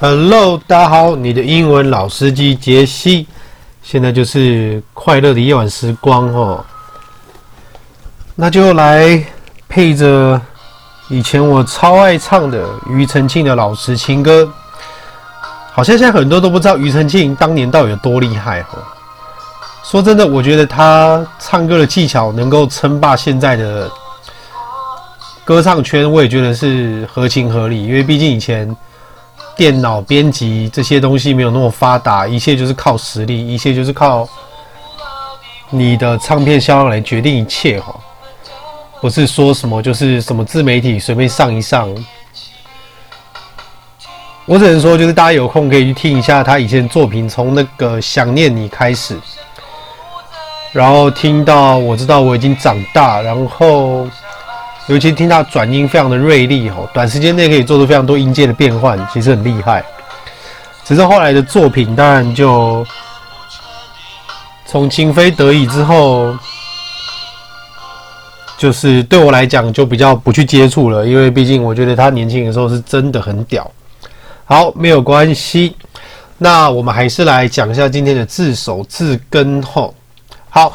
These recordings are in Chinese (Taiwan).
Hello，大家好，你的英文老司機傑西，現在就是快樂的夜晚時光哦。那就來配着以前我超愛唱的庾澄慶的老實情歌。好像現在很多都不知道庾澄慶當年到底有多厲害哦。說真的，我覺得他唱歌的技巧能夠稱霸現在的歌唱圈，我也覺得是合情合理，因為畢竟以前。電腦編輯這些東西沒有那麼發達，一切就是靠實力，一切就是靠你的唱片銷量來決定一切哈。不是說什麼就是什麼自媒體隨便上一上，我只能說就是大家有空可以去聽一下他以前的作品，從那個《想念你》開始，然後聽到《我知道我已經長大》，然後。尤其聽他轉音非常的銳利哦，短時間內可以做出非常多音階的變換，其實很厲害。只是後來的作品，當然就從情非得已之後，就是對我來講就比較不去接觸了，因為畢竟我覺得他年輕的時候是真的很屌。好，沒有關係，那我們還是來講一下今天的字首字根吼，好。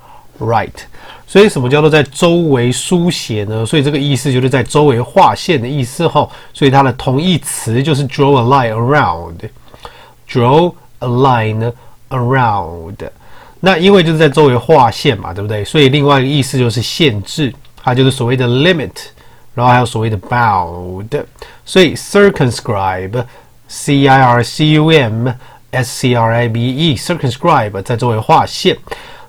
Right，所以什麼叫做在周圍書寫呢？所以這個意思就是在周圍畫線的意思。吼，所以它的同義詞就是 draw a line around，draw a line around。那因為就是在周圍畫線嘛，對不對？所以另外一個意思就是限制，它就是所謂的 limit，然後還有所謂的 bound。所以 circumscribe，c i r c u m s c r i b e，circumscribe 在周圍畫線。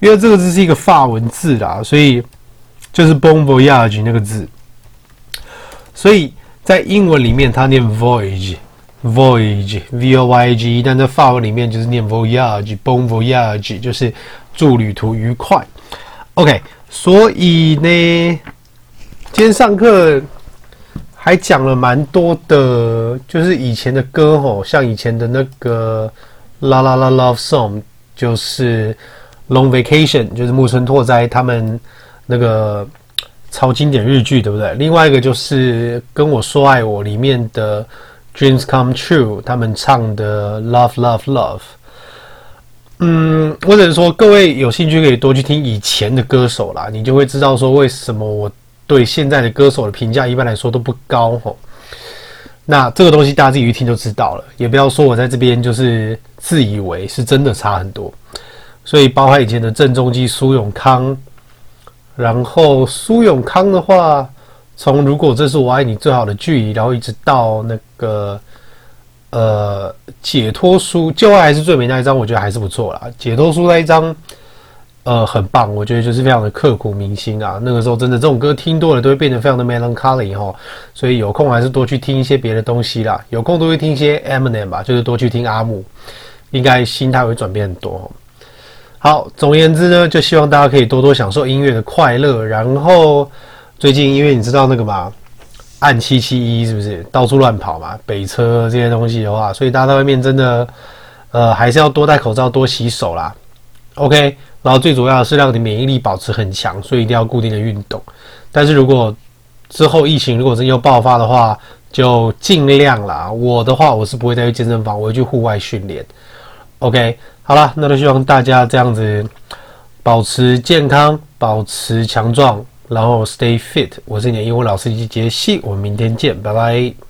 因為這個字是一個法文字啦，所以就是 “bon voyage” 那個字。所以在英文裡面它念 “voyage”，“voyage” voy v o y g，但在法文裡面就是念 “voyage”，“bon voyage” 就是祝旅途愉快。OK，所以呢，今天上課還講了蠻多的，就是以前的歌吼，像以前的那個 “La La La Love Song”，就是。Long vacation 就是木村拓哉他們那個超經典日劇，對不對？另外一個就是《跟我說愛我》裡面的 Dreams Come True 他們唱的 Love Love Love，嗯，我只能說各位有興趣可以多去聽以前的歌手啦，你就會知道說，為什麼我對現在的歌手的評價一般來說都不高哦。那這個東西大家自己一聽就知道了，也不要說我在這邊就是自以為是，真的差很多。所以包含以前的鄭中基、蘇永康，然後蘇永康的話，從如果這是我愛你最好的距離，然後一直到那個呃，解脫書舊愛還是最美的那一張，我覺得還是不錯啦。解脫書那一張，呃，很棒，我覺得就是非常的刻骨銘心啊。那個時候真的這種歌聽多了都會變得非常的 melancholy 齁。所以有空還是多去聽一些別的東西啦，有空都會聽一些 Eminem 吧，就是多去聽阿木，應該心態會轉變很多。好，總而言之呢，就希望大家可以多多享受音樂的快樂。然後最近，因為你知道那個嘛，按七七一,一是不是到處亂跑嘛，北車這些東西的話，所以大家在外面真的，呃，還是要多戴口罩，多洗手啦。OK，然後最主要的是讓你免疫力保持很強，所以一定要固定的運動。但是如果之後疫情如果真的又爆發的話，就儘量啦。我的話，我是不會再去健身房，我會去戶外訓練。OK。好啦，那就希望大家這樣子保持健康，保持強壯，然後 stay fit。我是你的英文老師機傑西，我們明天見，拜拜。